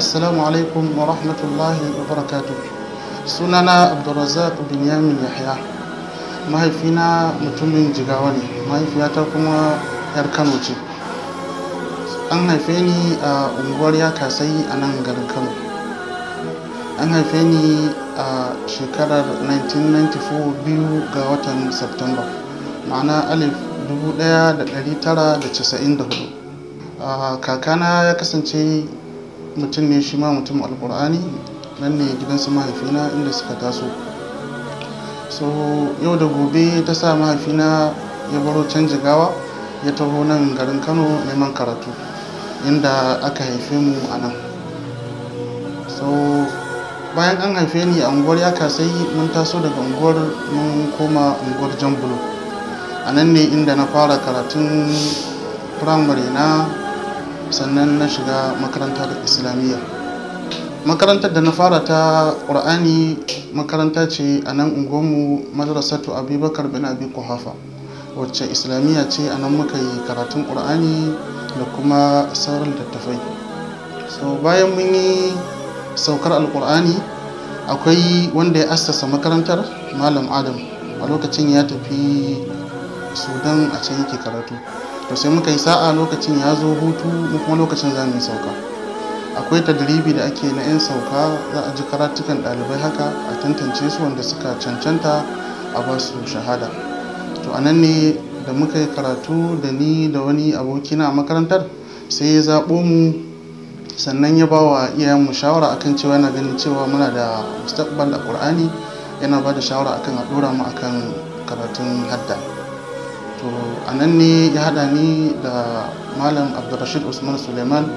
assalamu alaikum wa rahmatullahi wa barakatu sunana abdulrazak binyamin yahya mahaifina mutumin jigawa ne mahaifiyata kuma yar kano ce an haife ni a unguwar ya kasai a nan garin kano an haife ni a shekarar 1994 biyu ga watan Septemba, ma'ana alif 1994 ah, kakana ya kasance mutum ne shi ma mutum alkur'ani nan ne gidansu mahaifina inda suka taso so yau da gobe ta sa mahaifina ya baro can gawa ya taho nan garin kano neman karatu inda aka haife mu a nan so bayan an haife ni a unguwar yaka sai mun taso daga unguwar mun koma unguwar jambulo a nan ne inda na fara karatun firamare na sannan na shiga makarantar islamiyya makarantar da na fara ta ƙur'ani makaranta ce a nan unguwanmu madrasatu abubakar bin abi kuhafa wacce islamiyya ce a nan muka yi karatun ƙur'ani da kuma sauran littattafai so bayan mun yi saukar alƙur'ani akwai wanda ya assasa makarantar malam adam a lokacin ya tafi sudan a can yake karatu to sai muka yi sa'a lokacin ya zo hutu mu kuma lokacin za mu yi sauka akwai tadribi da ake na 'yan sauka za a ji karatukan ɗalibai haka a tantance su wanda suka cancanta a ba su shahada to anan ne da muka yi karatu da ni da wani abokina a makarantar sai ya zaɓo mu sannan ya ba wa iyayen mu shawara akan cewa yana ganin cewa muna da mustaqbal a ƙur'ani yana ba da shawara akan a ɗora mu akan karatun hadda to a nan ne ya hada ni da malam abdulrashid usman suleiman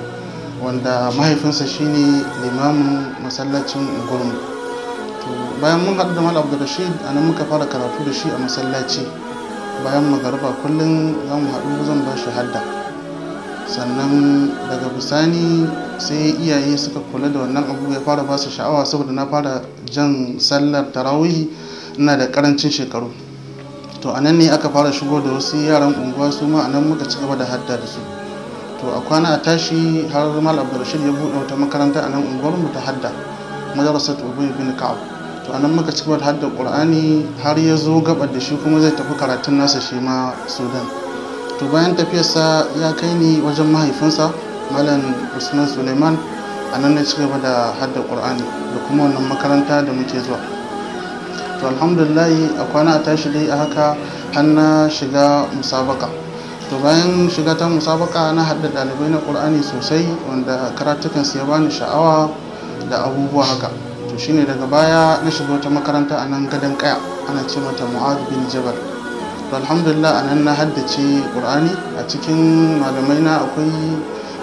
wanda mahaifinsa shine limamin masallacin unguwarmu? to bayan mun haɗu da malam abdulrashid a nan muka fara karatu da shi a masallaci bayan magarba kullum za mu haɗu zan ba shi hadda sannan daga bisani sai iyaye suka kula da wannan abu ya fara ba su sha'awa saboda na fara jan sallar tarawihi ina da karancin shekaru to a nan ne aka fara shigo da wasu yaran unguwa su ma a nan muka ci gaba da hadda da su to a kwana a tashi har mal abdulrashid ya buɗe wata makaranta a nan unguwar mu ta hadda madarasat ubay bin ka'ab to a nan muka ci gaba da hadda qur'ani har ya zo gabar da shi kuma zai tafi karatun nasa shi ma sudan to bayan tafiyarsa ya kai ni wajen mahaifinsa malam usman suleiman a nan ne ci gaba da hadda qur'ani da kuma wannan makaranta da muke zuwa to alhamdulillahi a kwana a tashi dai a haka har shiga musabaka to bayan shiga ta musabaka na haɗa ɗalibai na ƙur'ani sosai wanda karatukan ya bani sha'awa da abubuwa haka to shine daga baya na shiga wata makaranta a nan gadon kaya ana ce mata mu'adu bin jabal to alhamdulillah a nan na haddace ƙur'ani a cikin malamai na akwai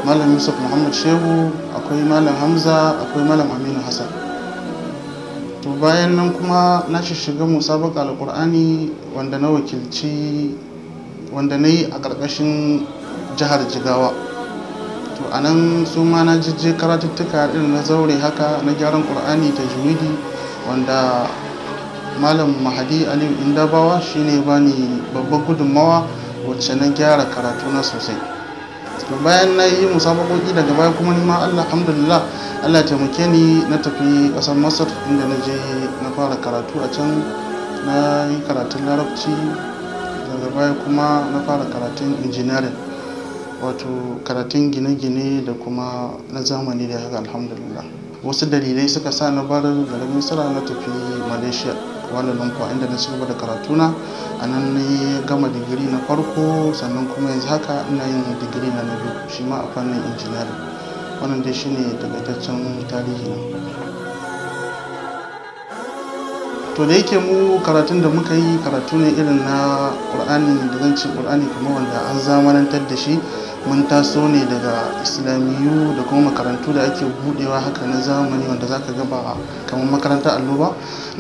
malam yusuf muhammad shehu akwai malam hamza akwai malam aminu hassan to bayan nan kuma na shiga musabaka alkur'ani wanda na wakilci wanda na yi a ƙarƙashin jihar jigawa to a nan su ma na jijje karatuttuka irin na zaure haka na gyaran ƙur'ani ta jumidi wanda malam mahadi aliyu indabawa shine bani babban gudunmawa wacce na gyara karatu na sosai bayan na yi musabakoki daga baya kuma nima allah alhamdulillah allah taimake ni na tafi ƙasar masar inda na je na fara karatu a can na yi karatun larabci daga baya kuma na fara karatun injiniyarin wato karatun gine-gine da kuma na zamani da haka alhamdulillah wasu dalilai suka sa na bar garin misira na tafi malaysia kuala lumpur inda na cigaba da karatuna a nan na gama digiri na farko sannan kuma yanzu haka ina yin digiri na na biyu shi ma a fannin injiniyarin wannan dai shine takaitaccen tarihi na to da yake mu karatun da muka yi karatu ne irin na ƙur'ani da zan ce ƙur'ani kuma wanda an zamanantar da shi mun taso ne daga islamiyu da kuma makarantu da ake budewa haka na zamani wanda zaka ga ba kamar makarantar allo ba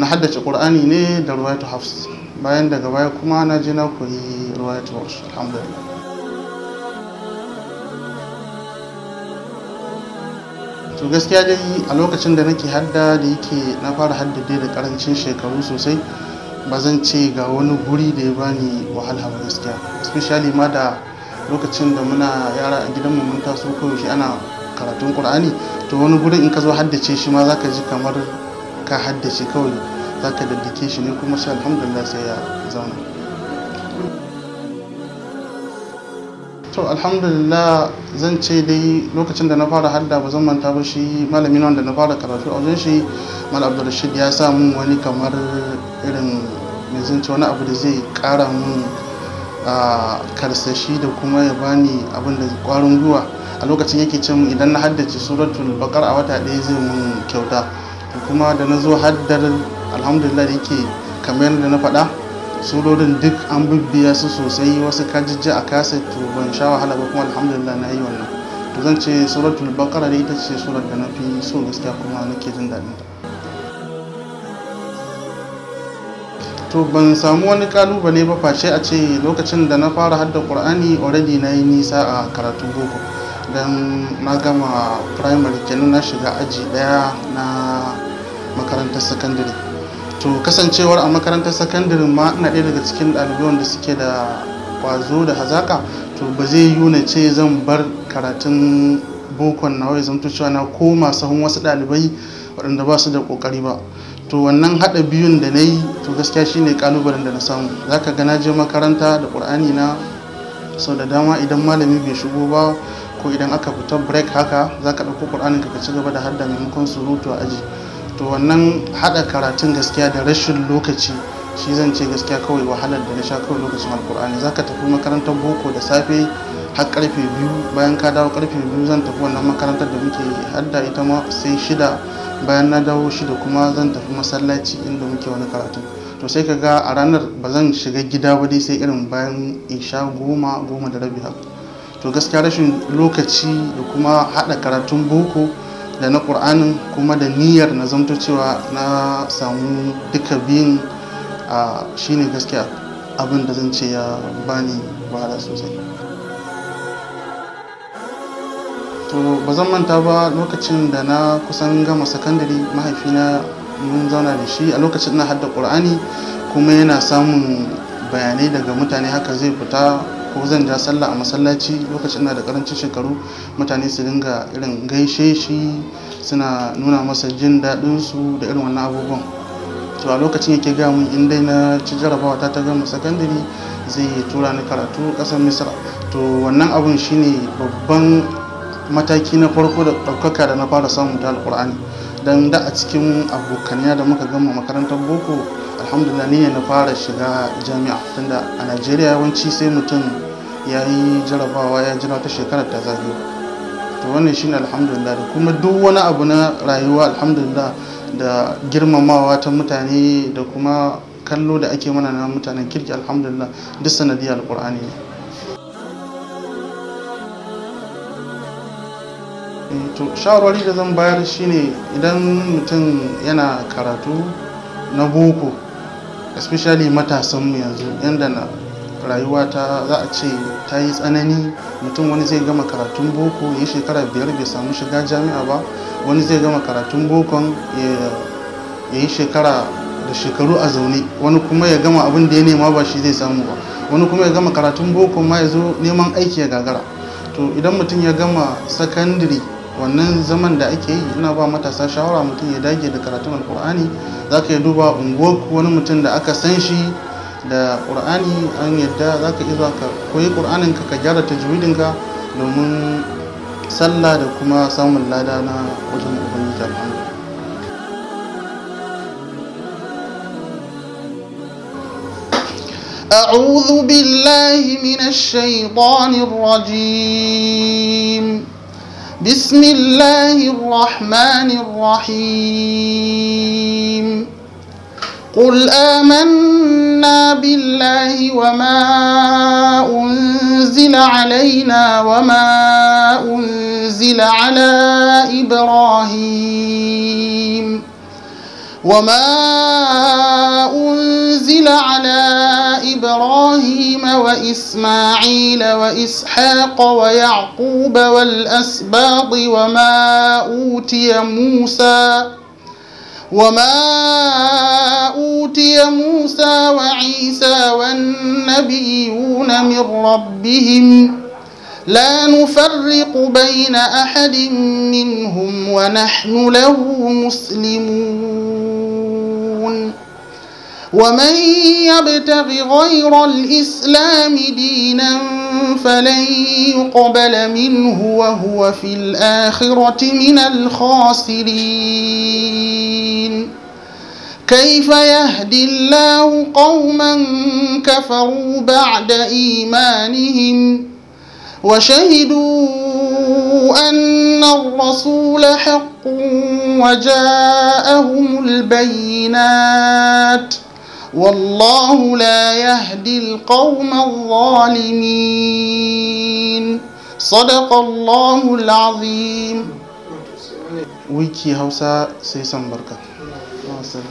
na haddace ƙur'ani ne da ruwaitu hafs bayan daga baya kuma na je na koyi ruwaitu hafs alhamdulillah to gaskiya dai a lokacin da nake hadda da yake na fara haddade da karancin shekaru sosai ba zan ce ga wani guri da ya bani wahala ba gaskiya especially ma da lokacin da muna yara a gidanmu mun taso koyaushe ana karatun qur'ani to wani guri in ka zo haddace shi ma zaka ji kamar ka haddace kawai zaka daddake shi ne kuma sai alhamdulillah sai ya zauna to alhamdulillah zan ce dai lokacin da na fara hadda ba zan manta ba shi malamin wanda na fara karatu a wajen shi mal abdulrashid ya sa mun wani kamar irin mai zan ce wani abu da zai kara mun karsashi da kuma ya bani abin da kwarin gwiwa a lokacin yake ce mun idan na haddace suratul bakar a wata ɗaya zai mun kyauta kuma da na zo haddar alhamdulillah da yake kamar yadda na faɗa surorin duk an bibbiya su sosai wasu kajijji a kaset to sha wahala ba kuma alhamdulillah na yi wannan to zan ce suratul baqara ne ita ce surar da na fi so gaskiya kuma nake jin daɗin ta to ban samu wani kalubale ba face a ce lokacin da na fara hadda qur'ani already na yi nisa a karatun boko don na gama primary kenan na shiga aji daya na makarantar secondary to kasancewar a makarantar sakandare ma ina ɗaya daga cikin ɗalibai wanda suke da kwazo da hazaka to ba zai yiwu na ce zan bar karatun bokon na wai zamto cewa na koma sahun wasu ɗalibai waɗanda ba su da ƙoƙari ba to wannan haɗa biyun da na yi to gaskiya shine ƙalubalen da na samu za ka ga na je makaranta da ƙur'ani na sau da dama idan malami bai shigo ba ko idan aka fita break haka za ka ɗauko ƙur'anin ka ci gaba da hadda maimakon surutu a aji to wannan haɗa karatun gaskiya da rashin lokaci shi zan ce gaskiya kawai wahalar da na sha kawai lokacin alkur'ani za ka tafi makarantar boko da safe har karfe biyu bayan ka dawo karfe biyu zan tafi wannan makarantar da muke hadda ita ma sai shida bayan na dawo shida kuma zan tafi masallaci inda muke wani karatu to sai ka ga a ranar ba zan shiga gida ba dai sai irin bayan isha goma goma da rabi haka to gaskiya rashin lokaci da kuma haɗa karatun boko da na ƙur'anin kuma da niyyar na zamto cewa na samu duka biyun a shine gaskiya abin da zan ce ya bani bara sosai to ba zan manta ba lokacin da na kusan gama sakandare mahaifina mun zauna da shi a lokacin na hadda ƙur'ani kuma yana samun bayanai daga mutane haka zai fita ko zan ja sallah a masallaci lokacin na da karancin shekaru mutane su dinga irin gaishe shi suna nuna masa jin daɗin su da irin wannan abubuwan to a lokacin yake ga mun in dai na ci jarabawa ta ta gama sakandare zai tura ni karatu ƙasar misra to wannan abun shine babban mataki na farko da ɗaukaka da na fara samun ta alƙur'ani dan da a cikin abokaniya da muka gama makarantar boko alhamdulillah ni ne na fara shiga jami'a tunda a najeriya yawanci sai mutum ya yi jarabawa ya jira ta shekarar ta zagayo to wannan shine alhamdulillah da kuma duk wani abu na rayuwa alhamdulillah da girmamawa ta mutane da kuma kallo da ake mana na mutanen kirki alhamdulillah duk sanadiyar alkur'ani ne to shawarwari da zan bayar shine idan mutum yana karatu na boko especially mu yanzu yanda na rayuwa ta za a ce ta yi tsanani mutum wani zai gama karatun boko ya shekara biyar bai samu shiga jami'a ba wani zai gama karatun bokon ya yi shekara da shekaru a zaune wani kuma ya gama abin da ya nema ba shi zai samu ba wani kuma ya gama karatun boko ma ya zo neman aiki ya gagara to idan mutum ya gama sakandiri wannan zaman da ake yi ina ba matasa shawara mutum ya dage da karatun alkur'ani za ka yi duba unguwar wani mutum da aka san shi da ƙur'ani an yadda za ka iya ka koyi ƙur'anin ka gyara tajwidinka domin sallah da kuma samun lada na wajen ubangiji alhamdulillah أعوذ بالله من بسم الله الرحمن الرحيم قل آمنا بالله وما أنزل علينا وما أنزل على إبراهيم وما أنزل على إبراهيم وإسماعيل وإسحاق ويعقوب والأسباط وما أوتي موسى وما أوتي موسى وعيسى والنبيون من ربهم لا نفرق بين أحد منهم ونحن له مسلمون ومن يبتغ غير الإسلام دينا فلن يقبل منه وهو في الآخرة من الخاسرين كيف يهدي الله قوما كفروا بعد إيمانهم وشهدوا أن الرسول حق وجاءهم البينات ۖ والله لا يهدي القوم الظالمين صدق الله العظيم ويكي هوسا سيسن بركه